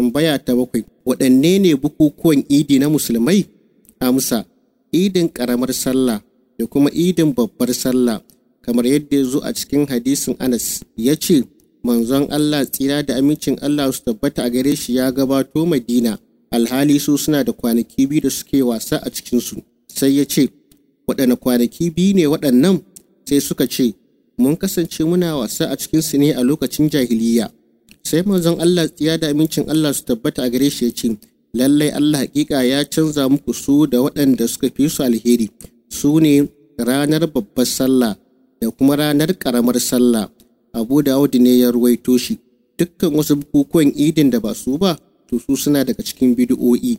Tambaya ta bakwai, waɗanne ne bukukuwan idi na musulmai? Amsa, idin ƙaramar sallah da kuma idin babbar sallah, kamar yadda ya zo a cikin hadisin Anas, ya ce, Manzon Allah tsira da amincin Allah su tabbata a gare shi ya gabato Madina, alhali su suna da kwanaki biyu da suke wasa a cikinsu. Sai ya ce, waɗanne kwanaki biyu ne waɗannan? Sai suka ce, mun kasance muna wasa a cikinsu ne a lokacin jahiliya sai manzon Allah ya da amincin Allah su tabbata a gare shi ya ce lallai Allah hakika ya canza muku su da waɗanda suka fi su alheri su ne ranar babbar sallah da kuma ranar karamar sallah Abu audi ne ya ruwaito shi dukkan wasu bukukuwan idin da ba su ba to su suna daga cikin bid'o'i